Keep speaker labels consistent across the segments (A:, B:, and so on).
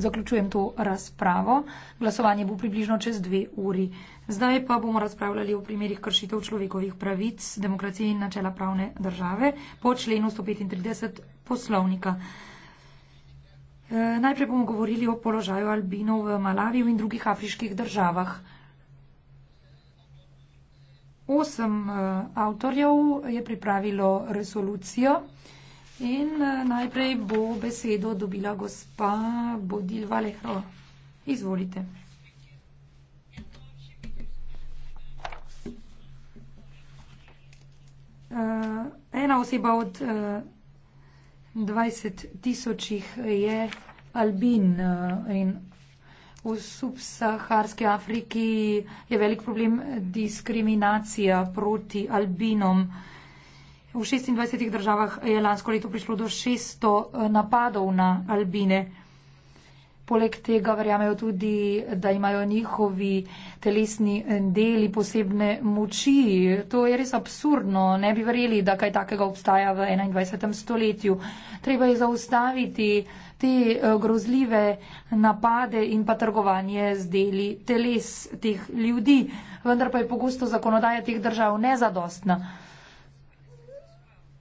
A: Zaključujem to razpravo. Glasovanje bo približno čez dve uri. Zdaj pa bomo razpravljali o primerih kršitev človekovih pravic, demokracije in načela pravne države po členu 135 poslovnika. E, najprej bomo govorili o položaju albinov v Malaviju in drugih afriških državah. Osem e, avtorjev je pripravilo resolucijo. In eh, najprej bo besedo dobila gospa Bodil Valehro. Izvolite. Uh, ena oseba od uh, eh, 20 tisočih je Albin uh, in v subsaharski Afriki je velik problem diskriminacija proti Albinom. Uh, V 26 državah je lansko leto prišlo do 600 eh, napadov na albine. Poleg tega verjamejo tudi, da imajo njihovi telesni eh, deli posebne moči. To je res absurdno. Ne bi verjeli, da kaj takega obstaja v 21. stoletju. Treba je zaustaviti te eh, grozljive napade in pa trgovanje z deli teles teh ljudi. Vendar pa je pogosto zakonodaja teh držav nezadostna.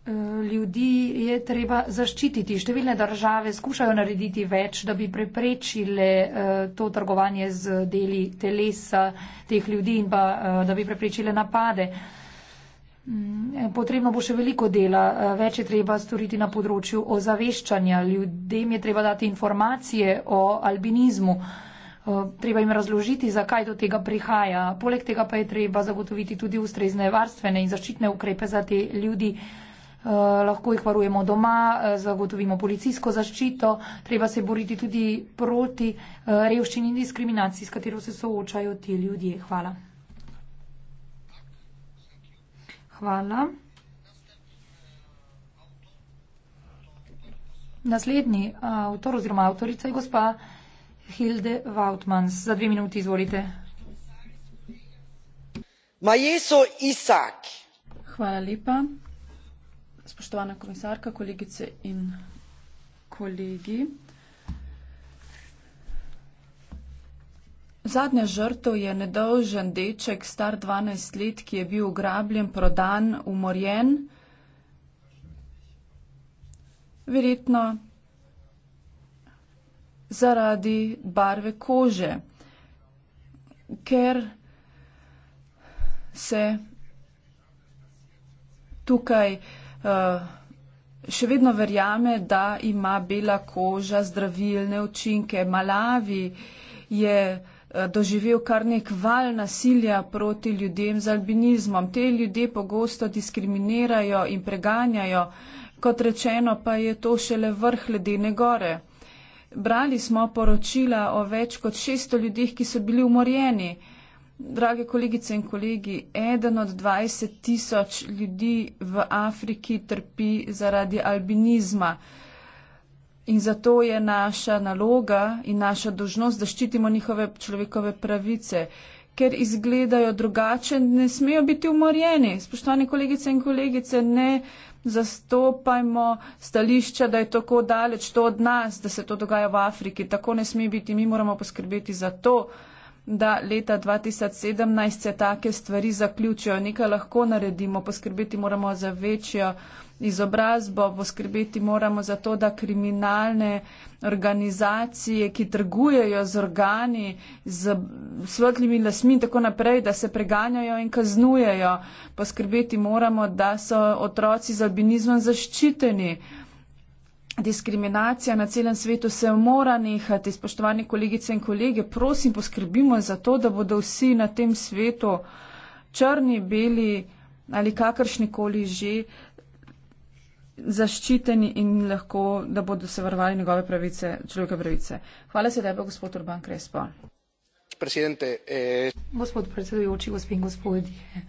A: Eh, ljudi je treba zaščititi. Številne države skušajo narediti več, da bi preprečile eh, to trgovanje z deli telesa teh ljudi in pa eh, da bi preprečile napade. Mm, potrebno bo še veliko dela, več je treba storiti na področju ozaveščanja. Ljudem je treba dati informacije o albinizmu, treba jim razložiti, zakaj do tega prihaja. Poleg tega pa je treba zagotoviti tudi ustrezne varstvene in zaščitne ukrepe za te ljudi. Eh, lahko jih varujemo doma, eh, zagotovimo policijsko zaščito, treba se boriti tudi proti eh, revščini in diskriminaciji, s katero se soočajo ti ljudje. Hvala. Hvala. Naslednji avtor oziroma avtorica je gospa Hilde Vautmans. Za dve minuti izvolite.
B: Ma jeso Isak. Hvala lepa. Spoštovana komisarka, kolegice in kolegi. Zadnja žrtev je nedolžen deček, star 12 let, ki je bil ugrabljen, prodan, umorjen. Verjetno zaradi barve kože, ker se tukaj uh, Eh, še vedno verjame, da ima bela koža zdravilne učinke. Malavi je eh, doživel kar nek val nasilja proti ljudem z albinizmom. Te ljudje pogosto diskriminirajo in preganjajo, kot rečeno pa je to šele vrh ledene gore. Brali smo poročila o več kot 600 ljudeh, ki so bili umorjeni. Drage kolegice in kolegi, eden od 20 tisoč ljudi v Afriki trpi zaradi albinizma. In zato je naša naloga in naša dožnost, da ščitimo njihove človekove pravice, ker izgledajo drugače, ne smejo biti umorjeni. Spoštovani kolegice in kolegice, ne zastopajmo stališča, da je tako daleč to od nas, da se to dogaja v Afriki. Tako ne sme biti. Mi moramo poskrbeti za to, da leta 2017 se take stvari zaključijo. Nekaj lahko naredimo, poskrbeti moramo za večjo izobrazbo, poskrbeti moramo za to, da kriminalne organizacije, ki trgujejo z organi, z svetlimi lasmi in tako naprej, da se preganjajo in kaznujejo. Poskrbeti moramo, da so otroci z albinizmom zaščiteni. Diskriminacija na celem svetu se mora nehati. Spoštovani kolegice in kolege, prosim, poskrbimo za to, da bodo vsi na tem svetu črni, beli ali kakršnikoli že zaščiteni in lahko, da bodo se varovali njegove pravice, človeka pravice. Hvala se lepa, gospod Urban Krespo.
A: Eh... Gospod predsedujoči, gospod in gospodje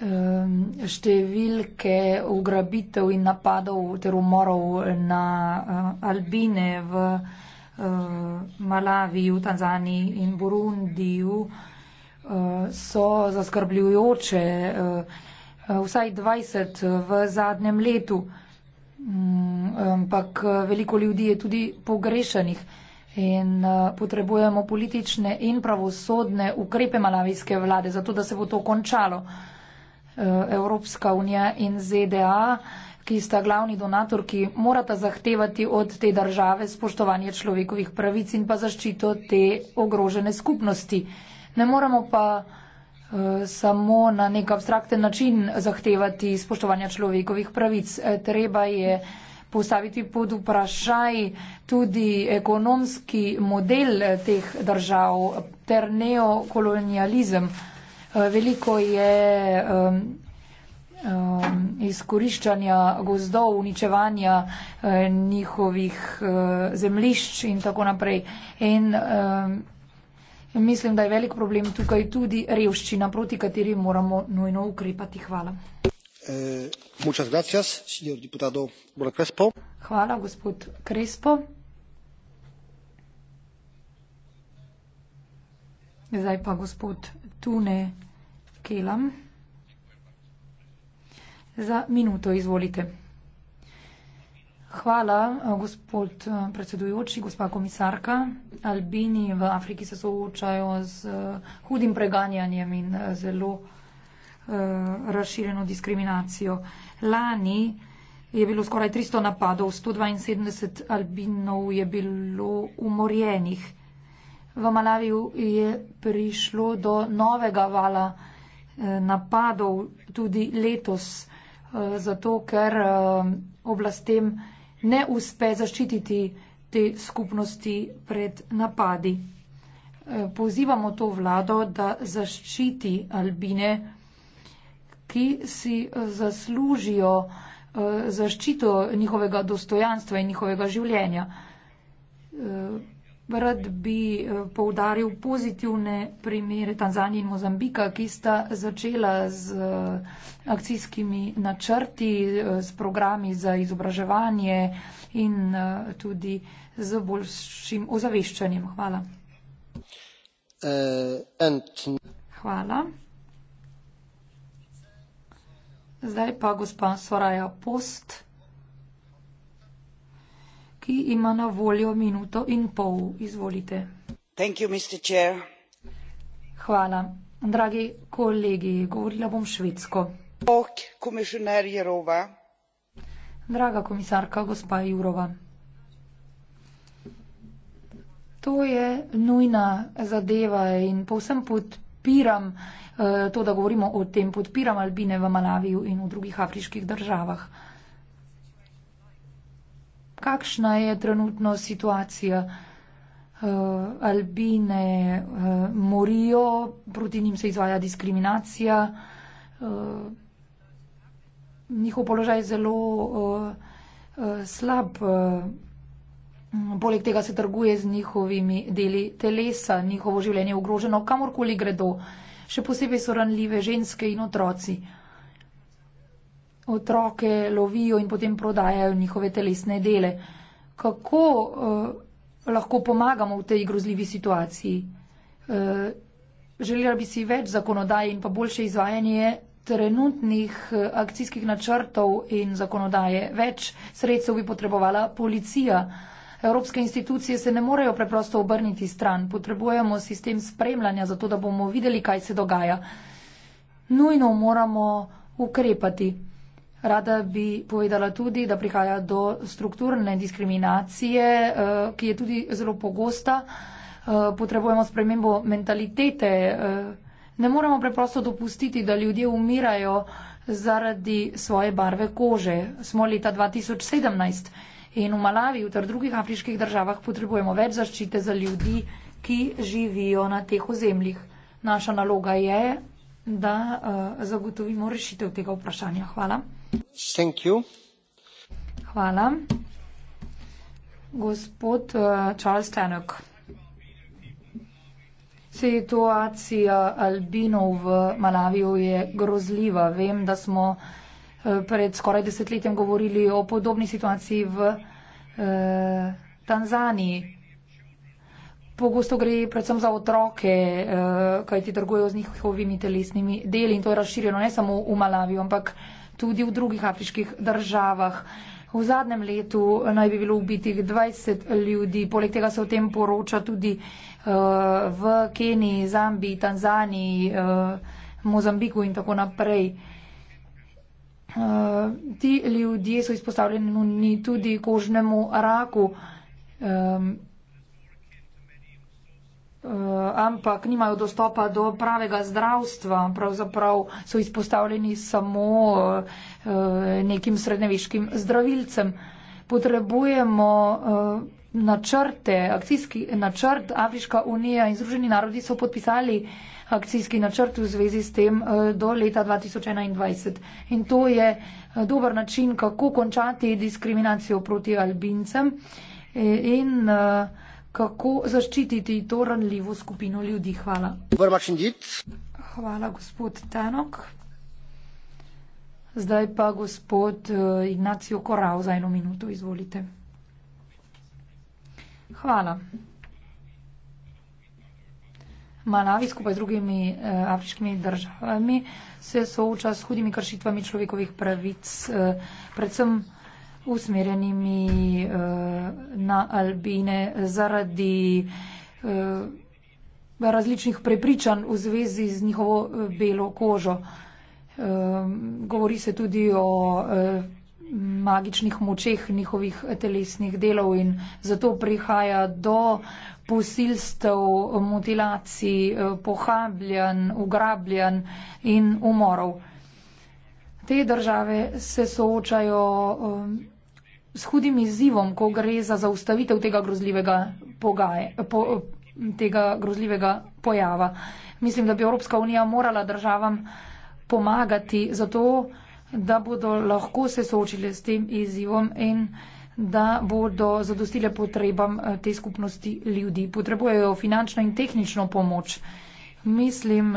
A: številke ugrabitev in napadov ter umorov na eh, albine v eh, Malaviji, v Tanzaniji in Burundiju eh, so zaskrbljujoče, vsaj 20 v zadnjem letu, mm, ampak veliko ljudi je tudi pogrešanih in potrebujemo politične in pravosodne ukrepe malavijske vlade, zato da se bo to končalo. Eh, Evropska unija in ZDA, ki sta glavni donator, ki morata zahtevati od te države spoštovanje človekovih pravic in pa zaščito te ogrožene skupnosti. Ne moramo pa eh, samo na nek abstrakten način zahtevati spoštovanja človekovih pravic. Eh, treba je postaviti pod vprašaj tudi ekonomski model teh držav ter neokolonializem. Eh, veliko je um, um, izkoriščanja gozdov, uničevanja uh, njihovih uh, eh, zemlišč in tako naprej. In, um, mislim, da je velik problem tukaj tudi revščina, proti kateri moramo nujno ukrepati. Hvala. Eh, gracias, Hvala, gospod Krespo. Zdaj pa gospod Tune Kelam. Za minuto izvolite. Hvala, gospod predsedujoči, gospa komisarka. Albini v Afriki se soočajo z hudim preganjanjem in zelo eh, razširjeno diskriminacijo. Lani je bilo skoraj 300 napadov, 172 albinov je bilo umorjenih. V Malaviju je prišlo do novega vala eh, napadov tudi letos, eh, zato ker eh, oblastem ne uspe zaščititi te skupnosti pred napadi. Pozivamo to vlado, da zaščiti albine, ki si zaslužijo zaščito njihovega dostojanstva in njihovega življenja. Rad bi eh, poudaril pozitivne primere Tanzanije in Mozambika, ki sta začela z eh, akcijskimi načrti, eh, s programi za izobraževanje in tudi z boljšim ozaveščanjem. Hvala. Hvala. Zdaj pa gospa Soraya Post ki ima na voljo minuto in pol. Izvolite. Hvala. Dragi kolegi, govorila bom švedsko. Draga komisarka, gospa Jurova. To je nujna zadeva in povsem podpiram eh, to, da govorimo o tem, podpiram Albine v Malaviju in v drugih afriških državah kakšna je trenutno situacija. Uh, albine uh, morijo, proti njim se izvaja diskriminacija. Uh, njihov položaj je zelo uh, uh, slab. Uh, poleg tega se trguje z njihovimi deli telesa, njihovo življenje je ogroženo, kamorkoli gredo. Še posebej so ranljive ženske in otroci. Uh, otroke lovijo in potem prodajajo njihove telesne dele. Kako uh, lahko pomagamo v tej grozljivi situaciji? Uh, želela bi si več zakonodaj in pa boljše izvajanje trenutnih eh, akcijskih načrtov in zakonodaje. Več sredstev bi potrebovala policija. Evropske institucije se ne morejo preprosto obrniti stran. Potrebujemo sistem spremljanja, zato da bomo videli, kaj se dogaja. Nujno moramo ukrepati. Rada bi povedala tudi, da prihaja do strukturne diskriminacije, eh, ki je tudi zelo pogosta. Eh, potrebujemo spremembo mentalitete. Eh. Ne moremo preprosto dopustiti, da ljudje umirajo zaradi svoje barve kože. Smo leta 2017 in v Malaviju ter drugih afriških državah potrebujemo več zaščite za ljudi, ki živijo na teh ozemljih. Naša naloga je, da uh, zagotovimo rešitev tega vprašanja. Hvala. Hvala. Gospod, eh, Charles Tannock. Situacija albinov v Malaviju je grozljiva. Vem, da smo eh, pred skoraj desetletjem govorili o podobni situaciji v eh, Tanzaniji. Pogosto gre predvsem za otroke, eh, kajti trgujejo z njihovimi telesnimi deli in to je razširjeno ne samo v Malaviju, ampak eh, tudi v drugih afriških državah. V zadnjem letu eh, naj bi bilo ubitih 20 ljudi, poleg tega se o tem poroča tudi uh, v Keniji, Zambiji, Tanzaniji, uh, Mozambiku in tako naprej. Uh, ti ljudje so izpostavljeni tudi kožnemu raku. Um, Eh, ampak nimajo dostopa do pravega zdravstva. Pravzaprav so izpostavljeni samo eh, nekim srednjeviškim zdravilcem. Potrebujemo eh, načrte, akcijski načrt. Afriška unija in Združeni narodi so podpisali akcijski načrt v zvezi s tem do leta 2021. In to je dober način, kako končati diskriminacijo proti albincem. In uh, kako zaščititi to ranljivo skupino ljudi. Hvala. Hvala, gospod Tanok. Zdaj pa gospod eh, Ignacio Korao za eno minuto. Izvolite. Hvala. Malavi skupaj z drugimi eh, afriškimi državami se sooča s hudimi kršitvami človekovih pravic, eh, predvsem usmerjenimi uh, na Albine zaradi uh, različnih prepričanj v zvezi z njihovo uh, belo kožo. Um, govori se tudi o uh, magičnih močeh njihovih telesnih delov in zato prihaja do posilstev, mutilacij, uh, pohabljanj, ugrabljanj in umorov te države se soočajo um, s hudim izzivom, ko gre za zaustavitev tega grozljivega, pogaje, po, tega grozljivega pojava. Mislim, da bi Evropska unija morala državam pomagati zato, da bodo lahko se soočile s tem izzivom in da bodo zadostile potrebam eh, te skupnosti ljudi. Potrebujejo finančno in tehnično pomoč. Mislim,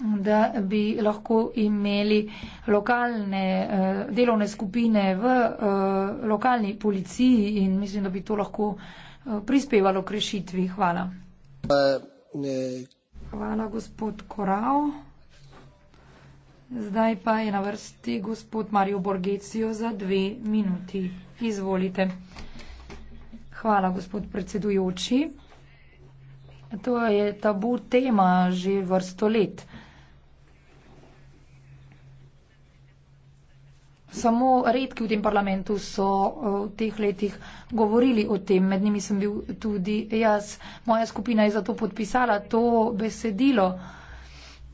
A: da bi lahko imeli lokalne uh, delovne skupine v uh, lokalni policiji in mislim, da bi to lahko uh, prispevalo k rešitvi. Hvala. Hvala, gospod Korav. Zdaj pa je na vrsti gospod Mario Borgecijo za dve minuti. Izvolite. Hvala, gospod predsedujoči. To je tabu tema že vrsto let. Samo redki v tem parlamentu so eh, v teh letih govorili o tem, med njimi sem bil tudi jaz. Moja skupina je zato podpisala to besedilo.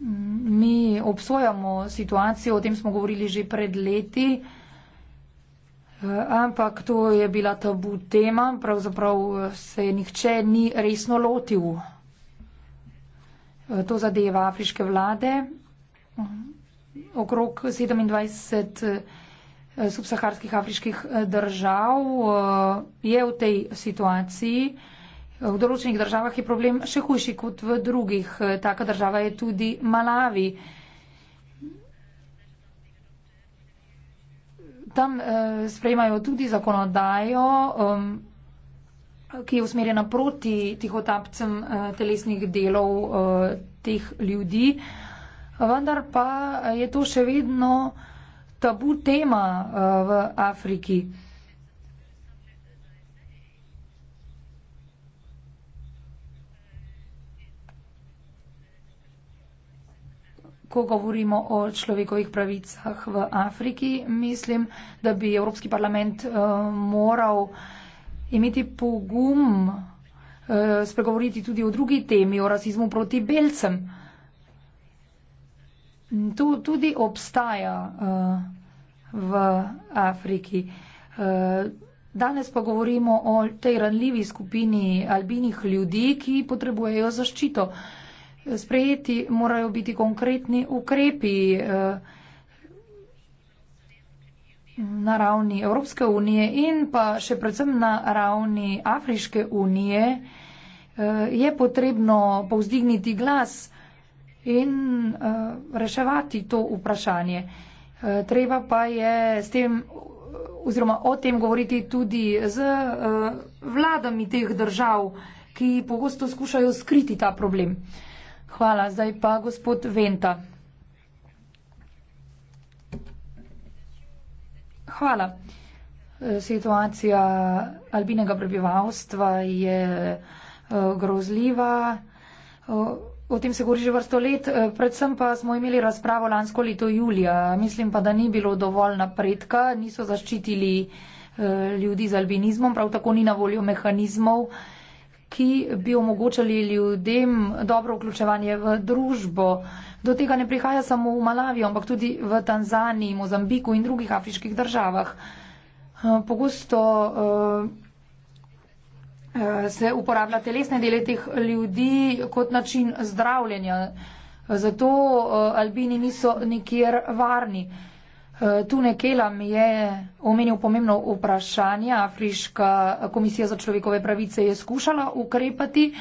A: Mm, mi obsojamo situacijo, o tem smo govorili že pred leti, eh, ampak to je bila tabu tema, pravzaprav eh, se nihče ni resno lotil. To zadeva afriške vlade. Mm, okrog 27. Eh, subsaharskih afriških eh, držav eh, je v tej situaciji. V določenih državah je problem še hujši kot v drugih. Taka država je tudi Malavi. Tam sprejmajo tudi zakonodajo, ki je usmerjena proti tihotapcem telesnih delov teh ljudi. Vendar pa je to še vedno tabu tema eh, v Afriki. Ko govorimo o človekovih pravicah v Afriki, mislim, da bi Evropski parlament eh, moral imeti pogum eh, spregovoriti tudi o drugi temi, o rasizmu proti belcem. To tudi obstaja uh, v Afriki. Uh, danes pa govorimo o tej ranljivi skupini albinih ljudi, ki potrebujejo zaščito. Sprejeti morajo biti konkretni ukrepi uh, na ravni Evropske unije in pa še predvsem na ravni Afriške unije. Uh, je potrebno povzdigniti glas in uh, reševati to vprašanje. Uh, treba pa je s tem oziroma o tem govoriti tudi z uh, vladami teh držav, ki pogosto skušajo skriti ta problem. Hvala. Zdaj pa gospod Venta. Hvala. Situacija albinega prebivalstva je uh, grozljiva. Uh, O tem se govori že vrsto let, eh, predvsem pa smo imeli razpravo lansko leto julija. Mislim pa, da ni bilo dovolj napredka, niso zaščitili eh, ljudi z albinizmom, prav tako ni na voljo mehanizmov, ki bi omogočali ljudem dobro vključevanje v družbo. Do tega ne prihaja samo v Malaviji, ampak tudi v Tanzaniji, Mozambiku in drugih afriških državah. Eh, pogosto se uporablja telesne dele teh ljudi kot način zdravljenja. Zato eh, albini niso nikjer varni. Eh, tu nekelam je omenil pomembno vprašanje. Afriška komisija za človekove pravice je skušala ukrepati.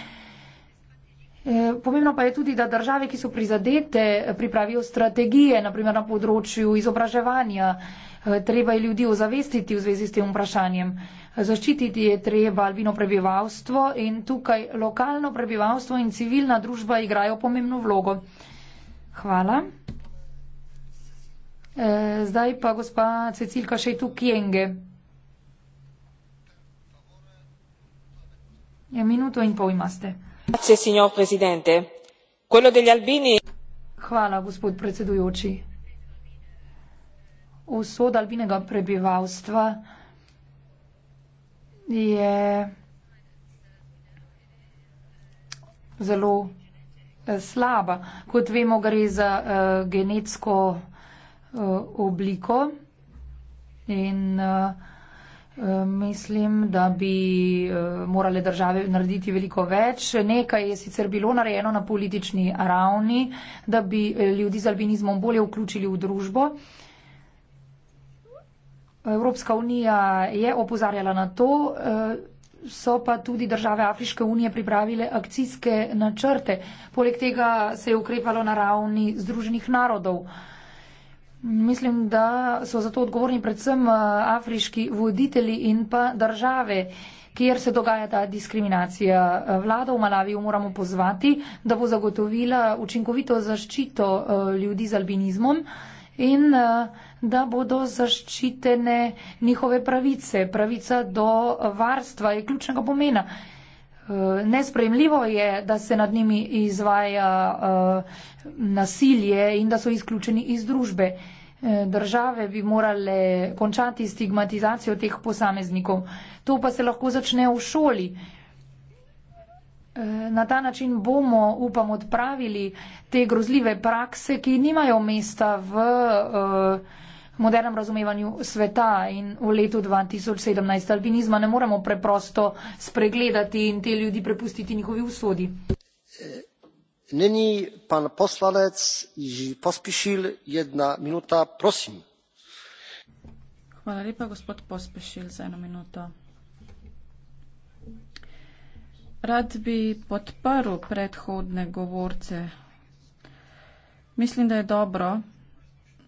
A: Eh, pomembno pa je tudi, da države, ki so prizadete, pripravijo strategije, naprimer na področju izobraževanja. Treba je ljudi ozavestiti v zvezi s tem vprašanjem. Zaščititi je treba albino prebivalstvo in tukaj lokalno prebivalstvo in civilna družba igrajo pomembno vlogo. Hvala. E, zdaj pa gospa Cecilka Šejtu Kjenge. Je ja, minuto in pol imate. Hvala, gospod predsedujoči. Usod albinega prebivalstva je zelo eh, slaba. Kot vemo, gre za eh, genetsko eh, obliko in mislim, da bi morale države narediti veliko več. Nekaj je sicer bilo narejeno na politični ravni, da bi ljudi z albinizmom bolje vključili v družbo. Evropska unija je opozarjala na to, eh, so pa tudi države Afriške unije pripravile akcijske načrte. Poleg tega se je ukrepalo na ravni Združenih narodov. Mislim, da so za to odgovorni predvsem eh, afriški voditelji in pa države, kjer se dogaja ta diskriminacija. Eh, vlada v Malaviju moramo pozvati, da bo zagotovila učinkovito zaščito ljudi z albinizmom in eh, da bodo zaščitene njihove pravice. Pravica do varstva je ključnega pomena. Eh, Nespremljivo je, da se nad njimi izvaja eh, nasilje in da so izključeni iz družbe. Države bi morale končati stigmatizacijo teh posameznikov. To pa se lahko začne v šoli. Eh, na ta način bomo, upam, odpravili te grozljive prakse, ki nimajo mesta v eh, modernem razumevanju sveta in v letu 2017 albinizma ne moremo preprosto spregledati in te ljudi prepustiti njihovi usodi. Eh, neni pan poslanec Pospišil, jedna minuta, prosim.
B: Hvala lepa, gospod Pospišil, za eno minuto. Rad bi podprl predhodne govorce. Mislim, da je dobro,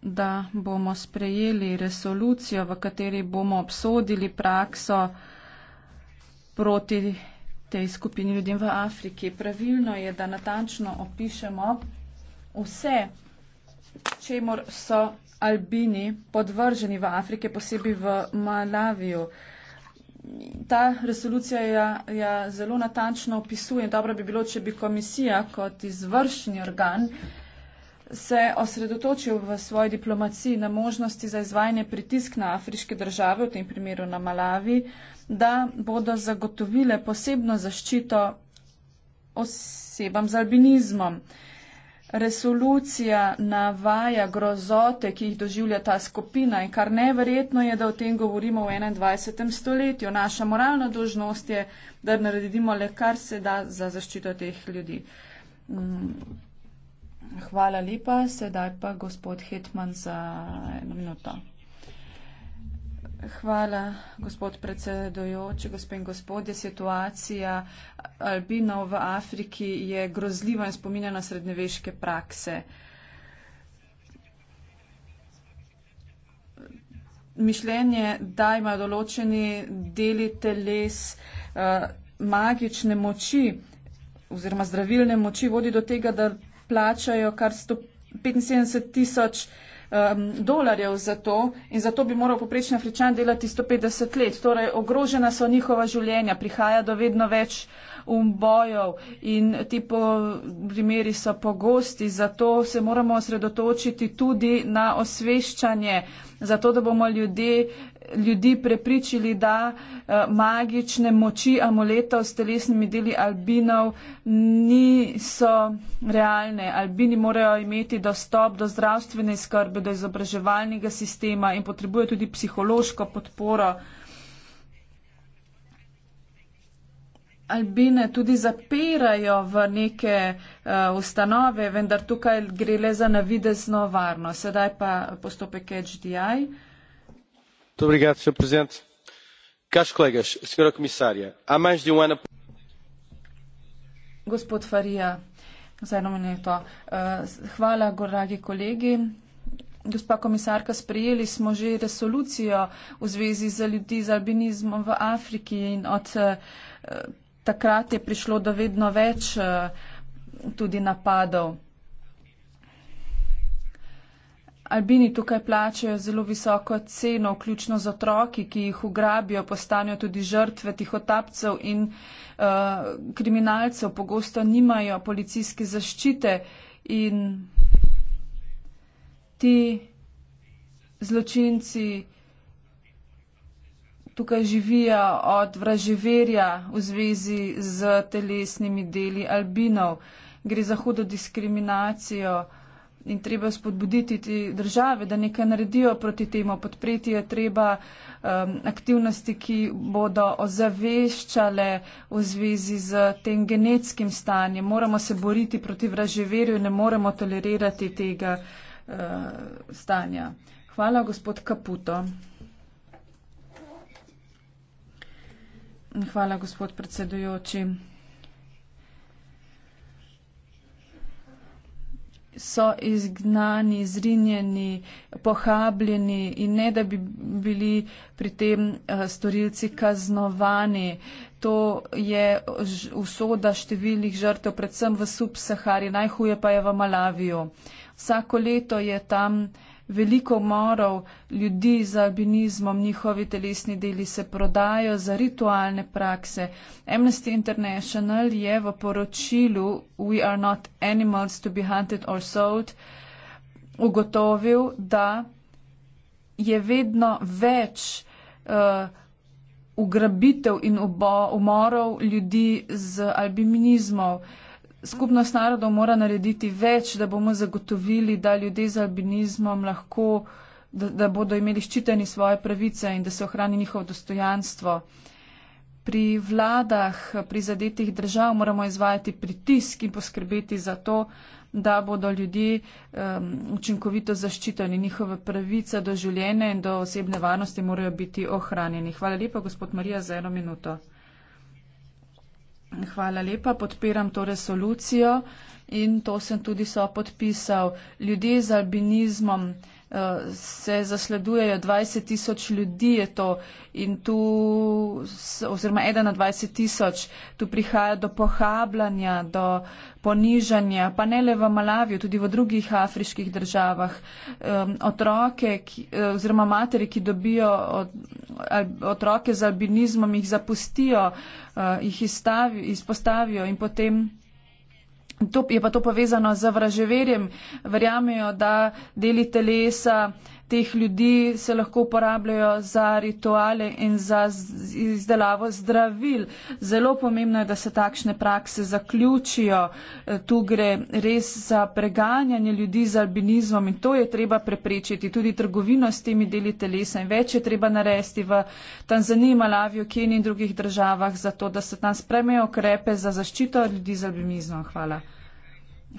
B: da bomo sprejeli resolucijo, v kateri bomo obsodili prakso proti tej skupini ljudi v Afriki. Pravilno je, da natančno opišemo vse, čemor so albini podvrženi v Afriki, posebej v Malaviju ta resolucija ja, ja zelo natančno opisuje. Dobro bi bilo, če bi komisija kot izvršni organ se osredotočil v svoji diplomaciji na možnosti za izvajanje pritisk na afriške države, v tem primeru na Malavi, da bodo zagotovile posebno zaščito osebam z albinizmom. Uh, resolucija navaja grozote, ki jih doživlja ta skupina in kar neverjetno je, da o tem govorimo v 21. stoletju. Naša moralna dožnost je, da naredimo le kar se da za zaščito teh ljudi. Mm. Hvala lepa, sedaj pa gospod Hetman za eno minuto. Hvala, gospod predsedojoči, gospe in gospodje. Situacija albinov v Afriki je grozljiva in spominja na srednjeveške prakse. Mišljenje, da imajo določeni deli teles uh, magične moči oziroma zdravilne moči, vodi do tega, da plačajo kar 175 tisoč um, dolarjev za to in za to bi moral poprečni afričan delati 150 let. Torej, ogrožena so njihova življenja, prihaja do vedno več umbojov in ti po, primeri so pogosti, zato se moramo osredotočiti tudi na osveščanje, zato da bomo ljudje uh, ljudi prepričili, da eh, magične moči amuletov s telesnimi deli albinov niso realne. Albini morajo imeti dostop do zdravstvene skrbe, do izobraževalnega sistema in potrebujejo tudi psihološko podporo. Albine tudi zapirajo v neke uh, ustanove, vendar tukaj gre le za navidezno varnost. Sedaj pa postopek HDI. Uh,
A: senhor presidente caros colegas senhora comissária há mais de um ano
B: gospod faria za eno minuto. Uh, hvala, dragi kolegi. Gospa komisarka, sprejeli smo že resolucijo v zvezi z ljudi z albinizmom v Afriki in od uh, takrat je prišlo do vedno več uh, tudi napadov albini tukaj plačajo zelo visoko ceno, vključno z otroki, ki jih ugrabijo, postanejo tudi žrtve tihotapcev in uh, kriminalcev, pogosto nimajo policijske zaščite in ti zločinci tukaj živijo od vraževerja v zvezi z telesnimi deli albinov. Gre za hudo diskriminacijo in treba spodbuditi države, da nekaj naredijo proti temu. Podpreti je treba um, aktivnosti, ki bodo ozaveščale v zvezi z tem genetskim stanjem. Moramo se boriti proti vraževerju, ne moremo tolerirati tega uh, stanja. Hvala, gospod Kaputo. Hvala, gospod predsedujoči. so izgnani, zrinjeni, pohabljeni in ne da bi bili pri tem eh, storilci kaznovani. To je usoda številnih žrtev, predvsem v subsahari, najhuje pa je v Malavijo. Vsako leto je tam veliko umorov ljudi z albinizmom, njihovi telesni deli se prodajo za ritualne prakse. Amnesty International je v poročilu We are not animals to be hunted or sold ugotovil, da je vedno več uh, ugrabitev in umorov ljudi z albinizmom skupnost narodov mora narediti več, da bomo zagotovili, da ljudje z albinizmom lahko, da, da bodo imeli ščiteni svoje pravice in da se ohrani njihovo dostojanstvo. Pri vladah prizadetih držav moramo izvajati pritisk in poskrbeti za to, da bodo ljudje um, učinkovito zaščiteni. Njihove pravice do življenja in do osebne varnosti morajo biti ohranjeni. Hvala lepa, gospod Marija, za eno minuto. Hvala lepa. Podpiram to resolucijo in to sem tudi sopodpisal. Ljudje z albinizmom. Eh, se zasledujejo 20 tisoč ljudi, je to in tu, oziroma 21 tisoč, tu prihaja do pohabljanja, do ponižanja, pa ne le v Malaviju, tudi v drugih afriških državah. Um, otroke, ki, oziroma materi, ki dobijo od, al, otroke z albinizmom, jih zapustijo, uh, jih izstavi, izpostavijo in potem. To je pa to povezano z vraževerjem. Verjamejo, da deli telesa teh ljudi se lahko uporabljajo za rituale in za izdelavo zdravil. Zelo pomembno je, da se takšne prakse zaključijo. E, tu gre res za preganjanje ljudi z albinizmom in to je treba preprečiti. Tudi trgovino s temi deli telesa in več je treba naresti v Tanzaniji, Malavijo, Keniji in drugih državah za to, da se tam spremejo okrepe za zaščito ljudi z albinizmom. Hvala.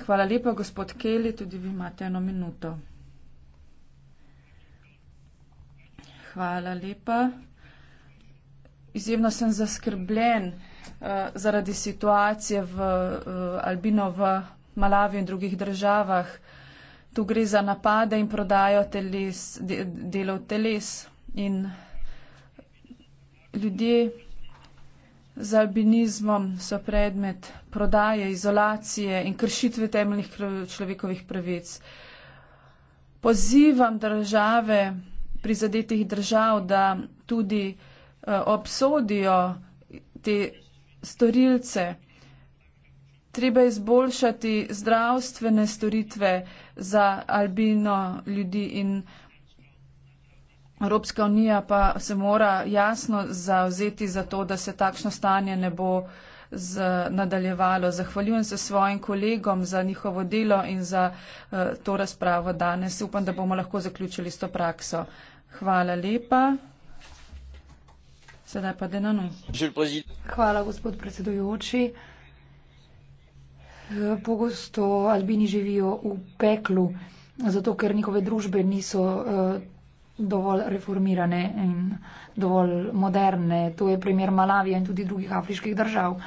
B: Hvala lepa, gospod Keli, tudi vi imate eno minuto. Hvala lepa. Izjemno sem zaskrbljen uh, zaradi situacije v uh, Albino v Malavi in drugih državah. Tu gre za napade in prodajo teles, de, delov teles in ljudje z albinizmom so predmet prodaje, izolacije in kršitve temeljnih človekovih pravic. Pozivam države, prizadetih držav, da tudi eh, obsodijo te storilce. Treba izboljšati zdravstvene storitve za albino ljudi in Evropska unija pa se mora jasno zauzeti za to, da se takšno stanje ne bo z, nadaljevalo. Zahvaljujem se svojim kolegom za njihovo delo in za uh, to razpravo danes. Upam, da bomo lahko zaključili s to prakso. Hvala lepa. Sedaj pa Denanu. Hvala, gospod predsedujoči.
A: Pogosto albini živijo v peklu, zato ker njihove družbe niso eh, dovolj reformirane in dovolj moderne. To je primer Malavija in tudi drugih afriških držav.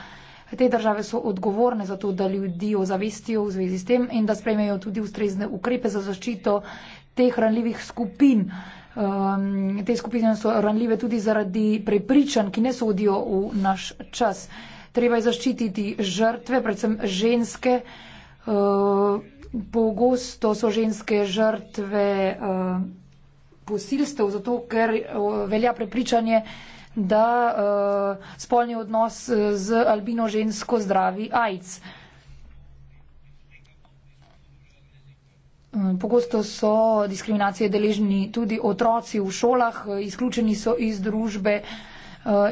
A: Te države so odgovorne za to, da ljudi ozavestijo v zvezi s tem in da sprejmejo tudi ustrezne ukrepe za zaščito teh ranljivih skupin. Um, te skupine so ranljive tudi zaradi prepričanj, ki ne sodijo v naš čas. Treba je zaščititi žrtve, predvsem ženske. Uh, pogosto so ženske žrtve uh, posilstev, zato ker uh, velja prepričanje, da uh, spolni odnos z albino žensko zdravi AIDS. Uh, Mm, pogosto so diskriminacije deležni tudi otroci v šolah, izključeni so iz družbe eh,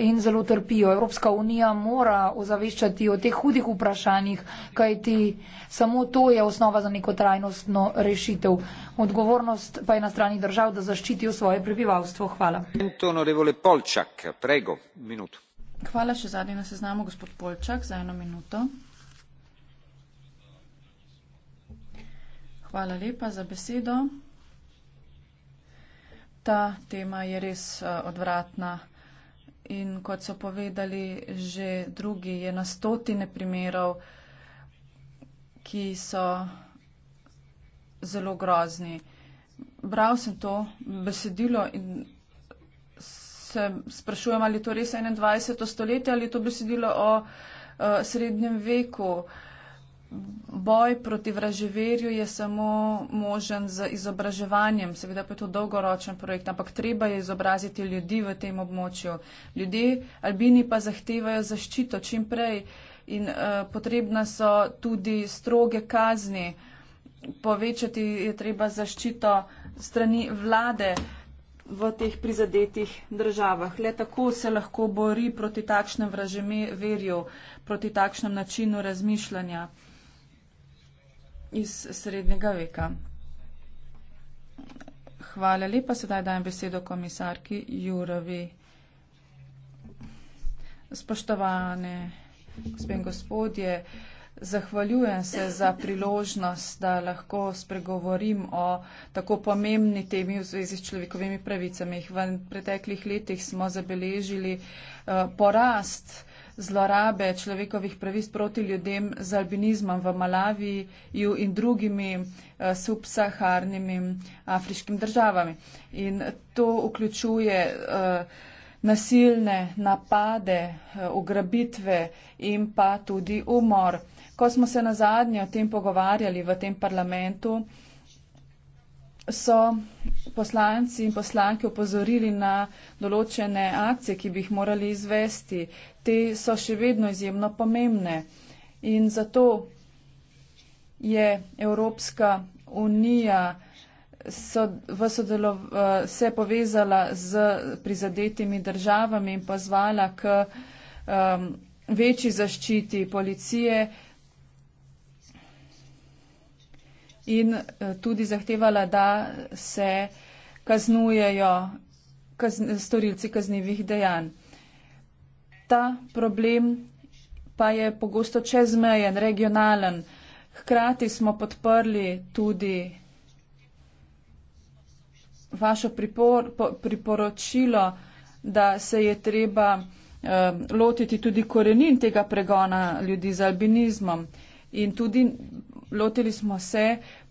A: in zelo trpijo. Evropska unija mora ozaveščati o teh hudih vprašanjih, kajti samo to je osnova za neko trajnostno rešitev. Odgovornost pa je na strani držav, da zaščitijo svoje prebivalstvo. Hvala.
B: Hvala še zadnji na seznamu, gospod Polčak, za eno minuto. Hvala lepa za besedo. Ta tema je res eh, odvratna in kot so povedali že drugi, je na stotine primerov, ki so zelo grozni. Bral sem to besedilo in se sprašujem, ali to res 21. stoletje ali to besedilo o uh, srednjem veku. Uh, Boj proti vraževerju je samo možen z izobraževanjem, seveda pa je to dolgoročen projekt, ampak treba je izobraziti ljudi v tem območju. Ljudje, albini pa zahtevajo zaščito čim prej in uh, potrebna so tudi stroge kazni. Povečati je treba zaščito strani vlade v teh prizadetih državah. Le tako se lahko bori proti takšnem vraževerju, proti takšnem načinu razmišljanja iz srednjega veka. Hvala lepa. Sedaj dajem besedo komisarki Jurovi. Spoštovane gospe in gospodje, zahvaljujem se za priložnost, da lahko spregovorim o tako pomembni temi v zvezi s človekovimi pravicami. V preteklih letih smo zabeležili uh, porast uh, zlorabe človekovih pravic proti ljudem z albinizmom v Malaviji in drugimi eh, subsaharnimi afriškim državami. In to vključuje eh, nasilne napade, eh, ugrabitve in pa tudi umor. Ko smo se na zadnje o tem pogovarjali v tem parlamentu, so poslanci in poslanke upozorili na določene akcije, ki bi jih morali izvesti. Te so še vedno izjemno pomembne in zato je Evropska unija so v sodelov, eh, se povezala z prizadetimi državami in pozvala k um, večji zaščiti policije in eh, tudi zahtevala, da se kaznujejo kazn, storilci kaznjivih dejanj. Ta problem pa je pogosto čezmejen, regionalen. Hkrati smo podprli tudi vašo pripor, po, priporočilo, da se je treba eh, lotiti tudi korenin tega pregona ljudi z albinizmom. In tudi lotili smo se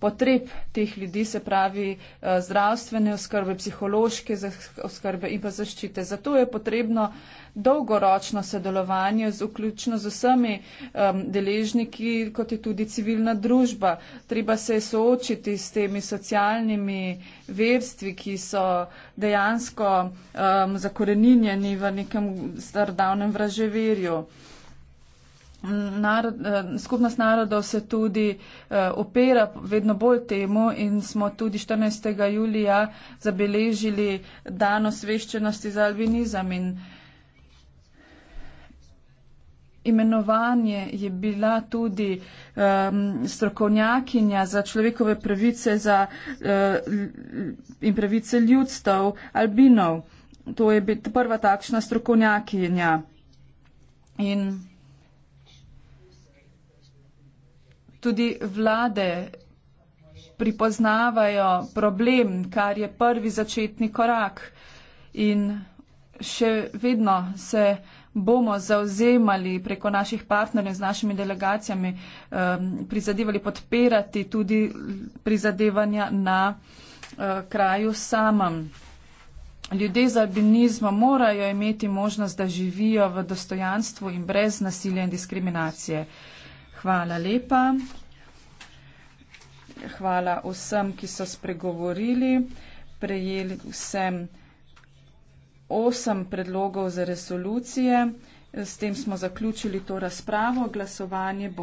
B: potreb teh ljudi, se pravi eh, zdravstvene oskrbe, psihološke oskrbe in pa zaščite. Zato je potrebno dolgoročno sodelovanje z vključno z vsemi um, deležniki, kot je tudi civilna družba. Treba se soočiti s temi socialnimi verstvi, ki so dejansko um, zakorenjeni v nekem stardavnem vraževerju. Narod, eh, skupnost narodov se tudi eh, opera vedno bolj temu in smo tudi 14. julija zabeležili dan osveščenosti za albinizem. In imenovanje je bila tudi um, strokovnjakinja za človekove pravice za, uh, in pravice ljudstv albinov. To je bila prva takšna strokovnjakinja. In Tudi vlade pripoznavajo problem, kar je prvi začetni korak in še vedno se bomo zauzemali preko naših partnerjev z našimi delegacijami, um, prizadevali podpirati tudi prizadevanja na uh, kraju samem. Ljudje z albinizmom morajo imeti možnost, da živijo v dostojanstvu in brez nasilja in diskriminacije. Hvala lepa. Hvala vsem, ki so spregovorili. Prejeli sem osem predlogov za resolucije. S tem smo zaključili to razpravo. Glasovanje bo ob